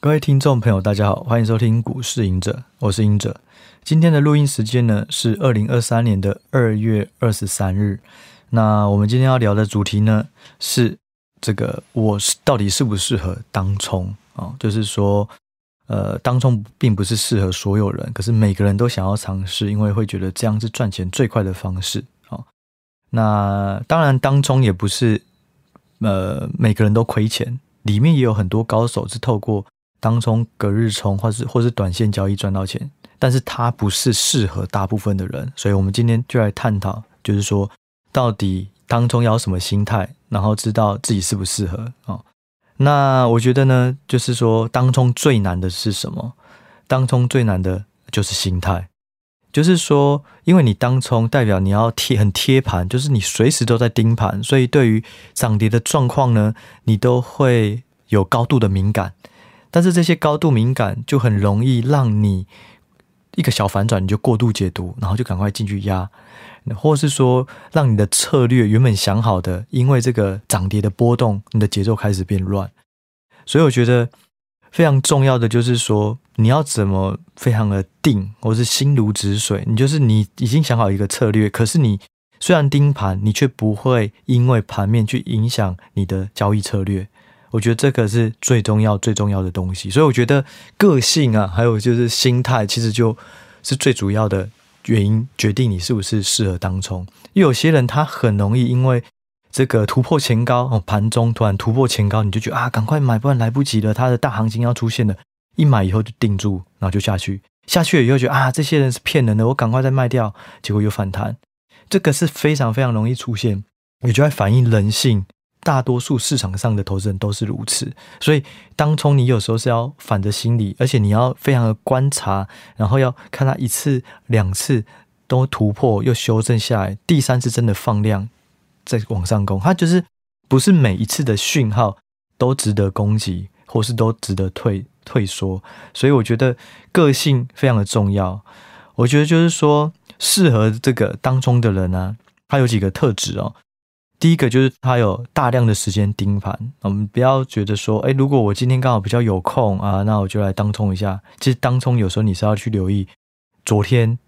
各位聽眾朋友，大家好，歡迎收聽股市隱者，我是隱者。今天的錄音時間呢是二零二三年的二月二十三日。那我們今天要聊的主題呢是這個，我是到底適不適合當沖哦，就是說，呃，當沖並不是適合所有人，可是每個人都想要嘗試，因為會覺得這樣是賺錢最快的方式哦，那當然，當沖也不是呃每個人都虧錢，裡面也有很多高手是透過當沖隔日沖，或是或是短線交易賺到錢，但是它不是適合大部分的人，所以我們今天就來探討，就是說到底當沖要有什麼心態，然後知道自己適不適合啊、哦？那我覺得呢，就是說當沖最難的是什麼？當沖最難的就是心態，就是說因為你當沖代表你要貼很貼盤，就是你隨時都在盯盤，所以對於漲跌的狀況呢，你都會有高度的敏感。但是這些高度敏感就很容易讓你一個小反轉，你就過度解讀，然後就趕快進去壓，或是說讓你的策略，原本想好的，因為這個漲跌的波動，你的節奏開始變亂。所以我覺得非常重要的就是說，你要怎麼非常的定，或是心如止水。你就是你已經想好一個策略，可是你雖然盯盤，你卻不會因為盤面去影響你的交易策略。我覺得這個是最重要、最重要的東西，所以我覺得個性啊，還有就是心態，其實就是最主要的原因，決定你是不是適合當沖。因為有些人他很容易因為這個突破前高哦，盤中突然突破前高，你就覺得啊，趕快買，不然來不及了，它的大行情要出現了。一買以後就定住，然後就下去，下去了以後就覺得啊，這些人是騙人的，我趕快再賣掉，結果又反彈，這個是非常非常容易出現，也就在反映人性。大多數市場上的投資人都是如此，所以當沖你有時候是要反着心理，而且你要非常的觀察，然後要看他一次、兩次都突破，又修正下來，第三次真的放量再往上攻，它就是不是每一次的訊號都值得攻擊，或是都值得退退縮。所以我覺得個性非常的重要。我覺得就是說，適合這個當沖的人呢、啊，他有幾個特質哦。第一個就是它有大量的時間盯盤。我們不要覺得說，誒、欸、如果我今天剛好比較有空啊，那我就來當沖一下。其實當沖有時候你是要去留意昨天、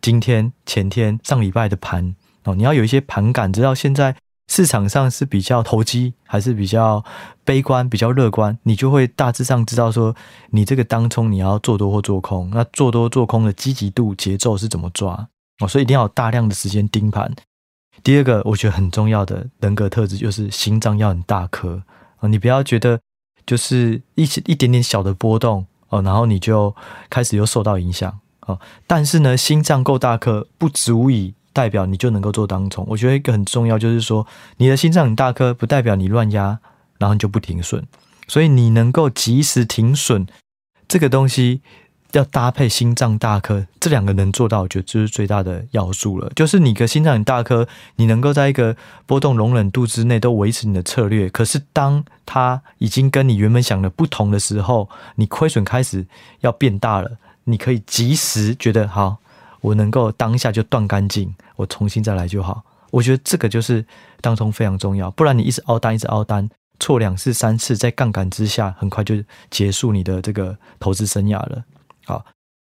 今天、前天、上禮拜的盤哦、喔，你要有一些盤感，知道現在市場上是比較投機，還是比較悲觀，比較樂觀，你就會大致上知道說，你這個當沖你要做多或做空，那做多做空的積極度、節奏是怎麼抓哦、喔，所以一定要有大量的時間盯盤。第二個我覺得很重要的人格特質就是心臟要很大顆啊，你不要覺得就是一些一點點小的波動哦，然後你就開始又受到影響啊。但是呢，心臟夠大顆不足以代表你就能夠做當沖。我覺得一個很重要就是說，你的心臟很大顆不代表你亂壓，然後你就不停損。所以你能夠及時停損這個東西。要搭配心臟大顆，這兩個能做到，我覺得這是最大的要素了。就是你個心臟很大顆，你能夠在一個波動容忍度之內都維持你的策略。可是，當它已經跟你原本想的不同的時候，你虧損開始要變大了。你可以及時覺得好，我能夠當下就斷乾淨，我重新再來就好。我覺得這個就是當沖非常重要，不然你一直凹單，一直凹單，錯兩次三次，在槓桿之下，很快就結束你的這個投資生涯了。好，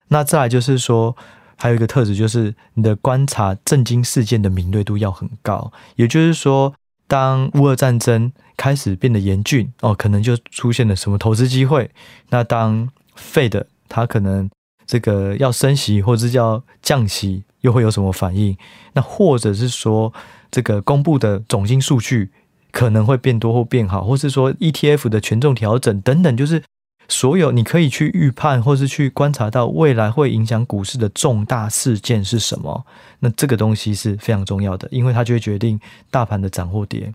那再來就是說，還有一個特質就是你的觀察政經事件的敏銳度要很高。也就是說，當烏俄戰爭開始變得嚴峻，哦，可能就出現了什麼投資機會。那當 Fed 它可能這個要升息，或者叫降息，又會有什麼反應？那或者是說，這個公布的總經數據可能會變多或變好，或是說 ETF 的權重調整等等，就是。所有你可以去預判，或是去觀察到未來會影響股市的重大事件是什麼？那這個東西是非常重要的，因為它就會決定大盤的漲或跌。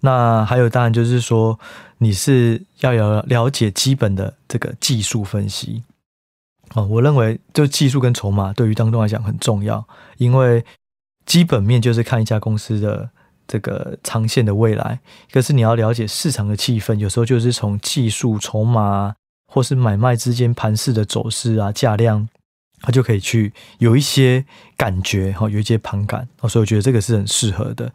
那還有，當然就是說，你是要有了解基本的這個技術分析。哦，我認為就技術跟籌碼對於當沖來講很重要，因為基本面就是看一家公司的。這個長線的未來，可是你要了解市場的氣氛，有時候就是從技術、籌碼或是買賣之間盤勢的走勢啊、價量，它就可以去有一些感覺哈，有一些盤感。所以我覺得這個是很適合的。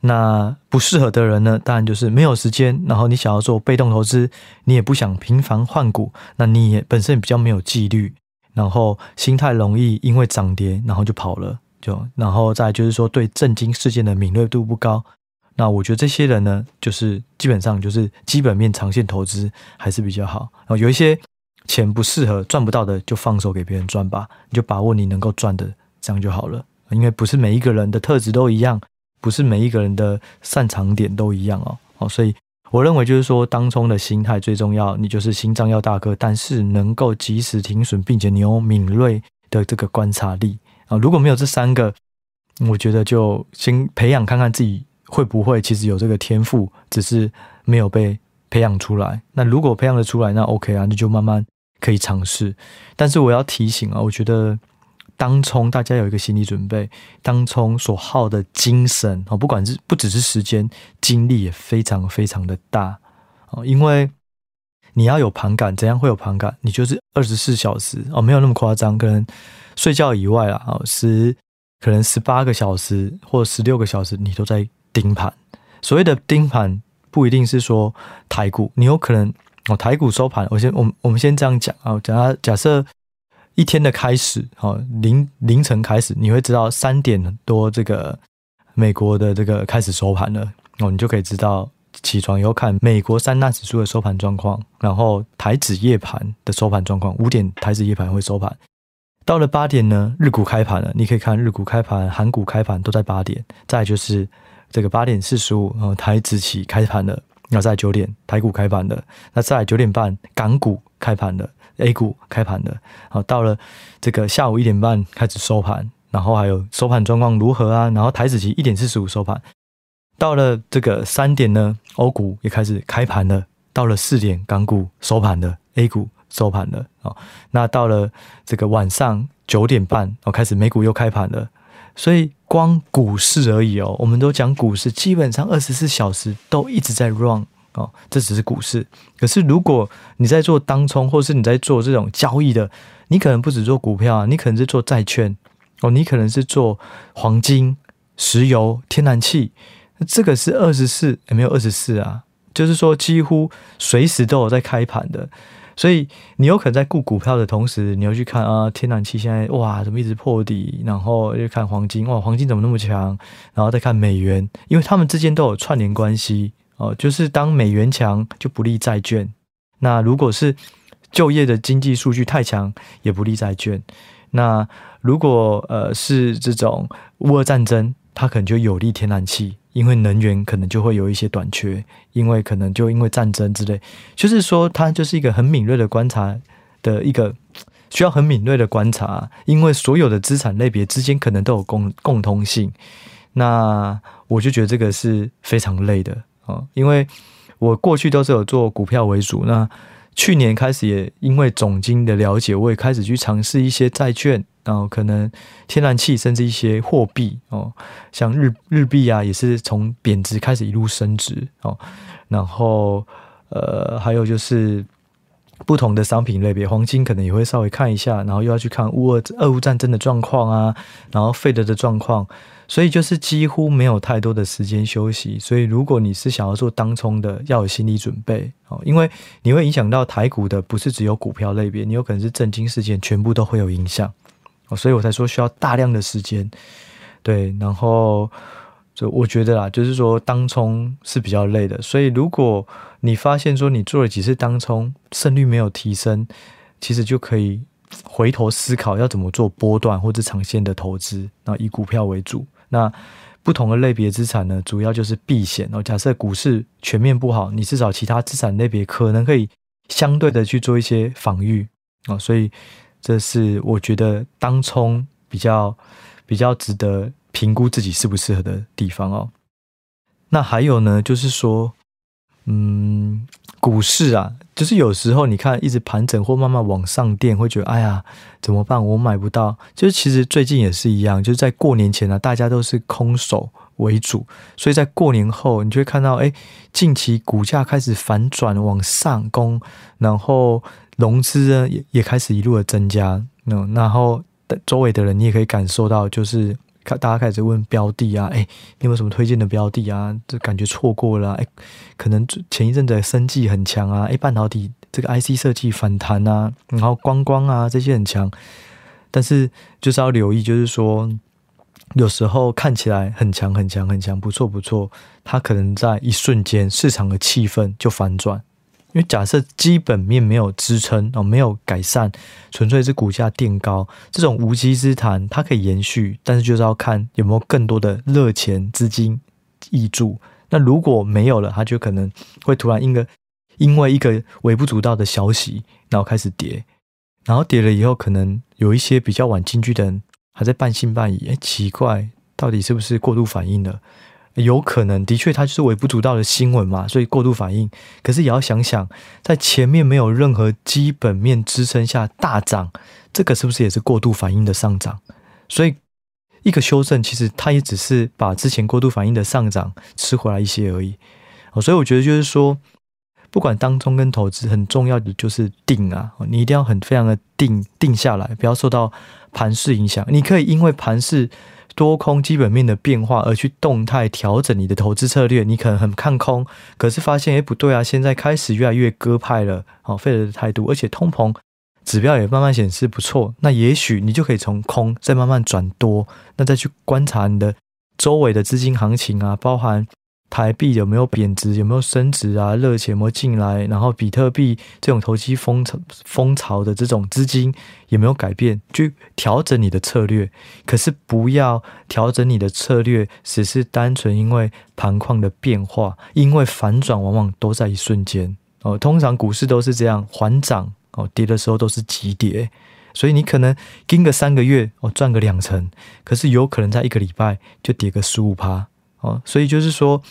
那不適合的人呢，當然就是沒有時間，然後你想要做被動投資，你也不想頻繁換股，那你也本身比較沒有紀律，然後心態容易因為漲跌然後就跑了。然後再就是說，對政經事件的敏銳度不高。那我覺得這些人呢，就是基本上就是基本面長線投資還是比較好。然後有一些錢不適合賺不到的，就放手給別人賺吧。你就把握你能夠賺的，這樣就好了。因為不是每一個人的特質都一樣，不是每一個人的擅長點都一樣哦。哦，所以我認為就是說，當沖的心態最重要。你就是心臟要大顆，但是能夠及時停損，並且你有敏銳的這個觀察力。啊，如果沒有這三個，我覺得就先培養看看自己會不會其實有這個天賦，只是沒有被培養出來。那如果培養得出來，那 OK 啊，那就慢慢可以嘗試。但是我要提醒啊，我覺得當沖大家有一個心理準備，當沖所耗的精神啊，不管是不只是時間精力也非常非常的大啊，因為。你要有盤感，怎樣會有盤感？你就是二十四小時哦，沒有那麼誇張，可能睡覺以外啊，哦，十可能十八個小時或十六個小時，你都在盯盤。所謂的盯盤，不一定是說台股，你有可能哦，台股收盤。我先，我我們先這樣講啊，講、哦、假設一天的開始，好、哦，凌凌晨開始，你會知道三點多這個美國的這個開始收盤了哦，你就可以知道。起床以後看美國三大指數的收盤狀況，然後台指夜盤的收盤狀況。五點台指夜盤會收盤，到了八點呢，日股開盤了，你可以看日股開盤、韓股開盤都在八點。再就是這個八點四十五，台指期開盤了，然後再九點台股開盤了；那在九點半港股開盤了 A 股開盤了。好、呃，到了這個下午一點半開始收盤，然後還有收盤狀況如何啊？然後台指期一點四十五收盤。到了這個三點呢，歐股也開始開盤了。到了四點，港股收盤了，A 股收盤了，哦、那到了這個晚上九點半，我、哦、開始美股又開盤了。所以光股市而已哦，我們都講股市，基本上二十四小時都一直在 run 哦。這只是股市，可是如果你在做當沖，或是你在做這種交易的，你可能不止做股票，啊，你可能是做債券哦，你可能是做黃金、石油、天然氣。這個是二十四也沒有二十四啊，就是說幾乎隨時都有在開盤的，所以你有可能在顧股票的同時，你又去看啊、呃，天然氣現在哇怎麼一直破底，然後又看黃金，哇，黃金怎麼那麼強，然後再看美元，因為他們之間都有串聯關係哦、呃，就是當美元強就不利債券，那如果是就業的經濟數據太強也不利債券，那如果呃是這種烏俄戰爭，它可能就有利天然氣。因為能源可能就會有一些短缺，因為可能就因為戰爭之類，就是說，它就是一個很敏銳的觀察的一個需要很敏銳的觀察，因為所有的資產類別之間可能都有共共通性。那我就覺得這個是非常累的啊，因為我過去都是有做股票為主那。去年開始也因為總經的了解，我也開始去嘗試一些債券，然後可能天然氣甚至一些貨幣哦，像日日幣啊，也是從貶值開始一路升值哦。然後呃，還有就是不同的商品類別，黃金可能也會稍微看一下，然後又要去看烏俄俄烏戰爭的狀況啊，然後費德的狀況。所以就是幾乎沒有太多的時間休息，所以如果你是想要做當沖的，要有心理準備哦，因為你會影響到台股的，不是只有股票類別，你有可能是政經事件，全部都會有影響哦，所以我才說需要大量的時間。對，然後就我覺得啦，就是說當沖是比較累的，所以如果你發現說你做了幾次當沖，勝率沒有提升，其實就可以回頭思考要怎麼做波段或者長線的投資，然後以股票為主。那不同的類別資產呢，主要就是避險哦。假設股市全面不好，你至少其他資產類別可能可以相對的去做一些防禦啊、哦。所以這是我覺得當沖比較比較值得評估自己適不適合的地方哦。那還有呢，就是說。嗯，股市啊，就是有時候你看一直盤整或慢慢往上墊，會覺得哎呀，怎麼辦？我買不到。就是其實最近也是一樣，就是在過年前呢、啊，大家都是空手為主，所以在過年後，你就會看到，哎，近期股價開始反轉往上攻，然後融資呢也也開始一路的增加。那、嗯、然後周圍的人，你也可以感受到，就是。看，大家開始問標的啊，哎、欸，你有沒有什麼推薦的標的啊？就感覺錯過了、啊，哎、欸，可能前一陣子的生技很強啊，哎、欸，半導體這個 IC 設計反彈啊，然後觀光啊這些很強，但是就是要留意，就是說有時候看起來很強很強很強，不錯不錯，它可能在一瞬間市場的氣氛就反轉。因為假設基本面沒有支撐哦，沒有改善，純粹是股價墊高，這種無稽之談，它可以延續，但是就是要看有沒有更多的熱錢資金挹注。那如果沒有了，它就可能會突然一個因為一個微不足道的消息，然後開始跌，然後跌了以後，可能有一些比較晚進去的人還在半信半疑，哎，奇怪，到底是不是過度反應了？有可能，的確，它就是微不足道的新聞嘛，所以過度反應。可是也要想想，在前面沒有任何基本面支撐下大漲，這個是不是也是過度反應的上漲？所以一個修正，其實它也只是把之前過度反應的上漲吃回來一些而已。所以我覺得，就是說，不管當沖跟投資，很重要的就是定啊，你一定要很非常的定定下來，不要受到盤勢影響。你可以因為盤勢。多空基本面的變化而去動態調整你的投資策略，你可能很看空，可是發現哎、欸、不對啊，現在開始越來越鴿派了，好，Fed 的態度，而且通膨指標也慢慢顯示不錯，那也許你就可以從空再慢慢轉多，那再去觀察你的周圍的資金行情啊，包含。台幣有沒有貶值？有沒有升值啊？熱錢有沒有進來？然後比特幣這種投機風潮、風潮的這種資金有沒有改變，去調整你的策略。可是不要調整你的策略，只是單純因為盤況的變化，因為反轉往往都在一瞬間哦。通常股市都是這樣，緩漲哦，跌的時候都是急跌。所以你可能盯個三個月哦，賺個兩成，可是有可能在一個禮拜就跌個十五趴。哦，所以就是說，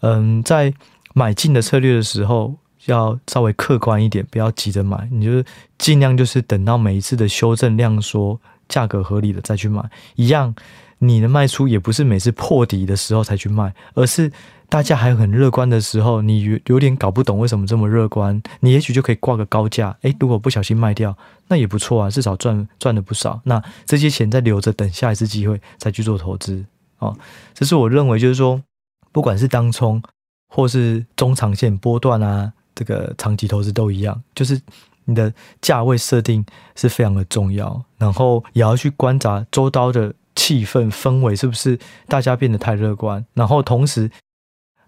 嗯，在買進的策略的時候，要稍微客觀一點，不要急着買。你就是盡量就是等到每一次的修正量說價格合理的再去買。一樣，你的賣出也不是每次破底的時候才去賣，而是大家還很樂觀的時候，你有點搞不懂為什麼這麼樂觀，你也許就可以掛個高價。欸，如果不小心賣掉，那也不錯啊，至少賺賺了不少。那這些錢再留着，等下一次機會再去做投資。哦，這是我認為，就是說，不管是當沖，或是中長線波段啊，這個長期投資都一樣，就是你的價位設定是非常的重要，然後也要去觀察周遭的氣氛氛圍是不是大家變得太樂觀，然後同時。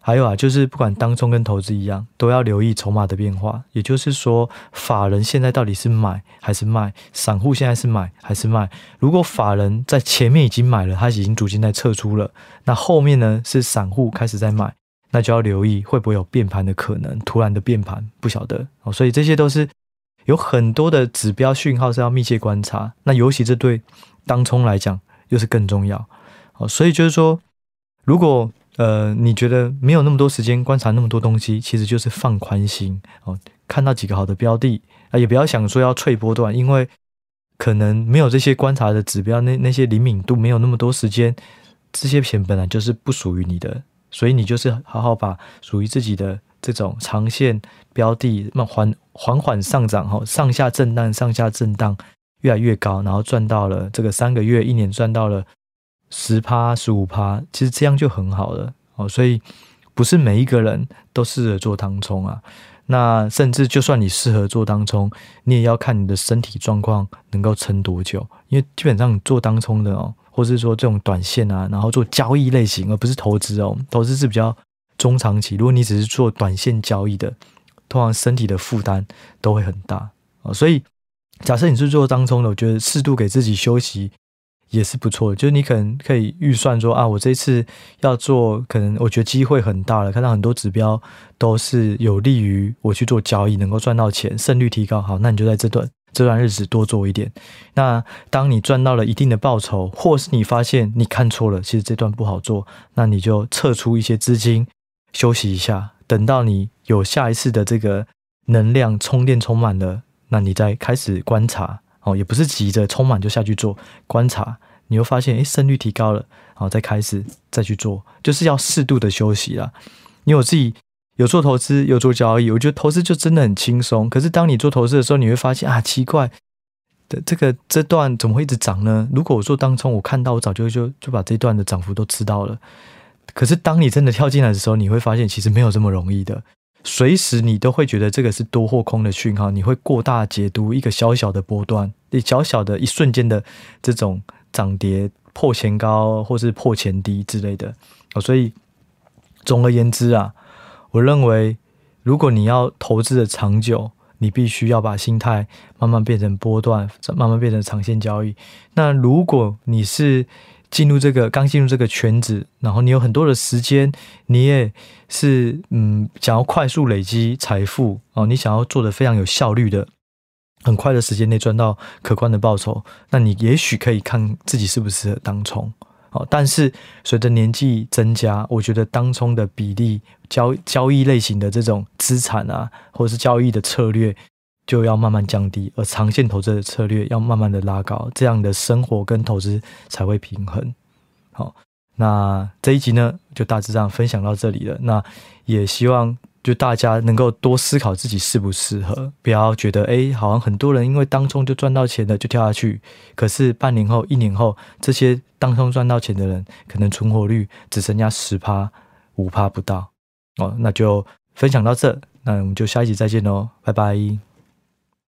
還有啊，就是不管當沖跟投資一樣，都要留意籌碼的變化。也就是說，法人現在到底是買還是賣，散戶現在是買還是賣？如果法人在前面已經買了，他已經逐漸在撤出了，那後面呢，是散戶開始在買，那就要留意會不會有變盤的可能，突然的變盤，不曉得。所以這些都是有很多的指標訊號是要密切觀察。那尤其這對當沖來講，又是更重要。哦，所以就是說，如果呃，你覺得沒有那麼多時間觀察那麼多東西，其實就是放寬心哦。看到幾個好的標的啊，也不要想說要脆波段，因為可能沒有這些觀察的指標，那那些靈敏度沒有那麼多時間，這些錢本來就是不屬於你的，所以你就是好好把屬於自己的這種長線標的慢緩緩緩上漲，哈、哦，上下震盪，上下震盪越來越高，然後賺到了這個三個月、一年賺到了。十趴、十五趴，其實這樣就很好了哦。所以不是每一個人都適合做當沖啊。那甚至就算你適合做當沖，你也要看你的身體狀況能夠撐多久。因為基本上你做當沖的哦，或是說這種短線啊，然後做交易類型，而不是投資哦。投資是比較中長期。如果你只是做短線交易的，通常身體的負擔都會很大哦。所以假設你是做當沖的，我覺得適度給自己休息，也是不錯的，就是你可能可以預算說啊，我這次要做，可能我覺得機會很大了，看到很多指標都是有利於我去做交易，能夠賺到錢，勝率提高。好，那你就在這段這段日子多做一點。那當你賺到了一定的報酬，或是你發現你看錯了，其實這段不好做，那你就撤出一些資金休息一下，等到你有下一次的這個能量充電充滿了，那你再開始觀察。哦，也不是急着充滿就下去做觀察，你又發現哎、欸、勝率提高了，然後再開始再去做，就是要適度的休息啦。因為我自己有做投資，有做交易，我覺得投資就真的很輕鬆。可是當你做投資的時候，你會發現啊，奇怪的這個這段怎麼會一直漲呢？如果我說當沖我看到我早就就就把這段的漲幅都吃到了。可是當你真的跳進來的時候，你會發現其實沒有這麼容易的。隨時你都會覺得這個是多或空的訊號，你會過大解讀一個小小的波段，你小小的一瞬間的這種漲跌破前高或是破前低之類的。哦，所以總而言之啊，我認為如果你要投資的長久，你必須要把心態慢慢變成波段，慢慢變成長線交易。那如果你是進入這個，剛進入這個圈子，然後你有很多的時間，你也是嗯想要快速累積財富哦，你想要做得非常有效率的，很快的時間內賺到可觀的報酬，那你也許可以看自己適不適合當沖哦。但是隨着年紀增加，我覺得當沖的比例、交交易類型的這種資產啊，或者是交易的策略。就要慢慢降低，而長線投資的策略要慢慢的拉高，這樣你的生活跟投資才會平衡。好，那這一集呢，就大致上分享到這裡了。那也希望就大家能夠多思考自己適不適合，不要覺得哎，好像很多人因為當沖就賺到錢了就跳下去，可是半年後、一年後，這些當沖賺到錢的人，可能存活率只剩下十趴、五趴不到。哦，那就分享到這，那我們就下一集再見嘍，拜拜。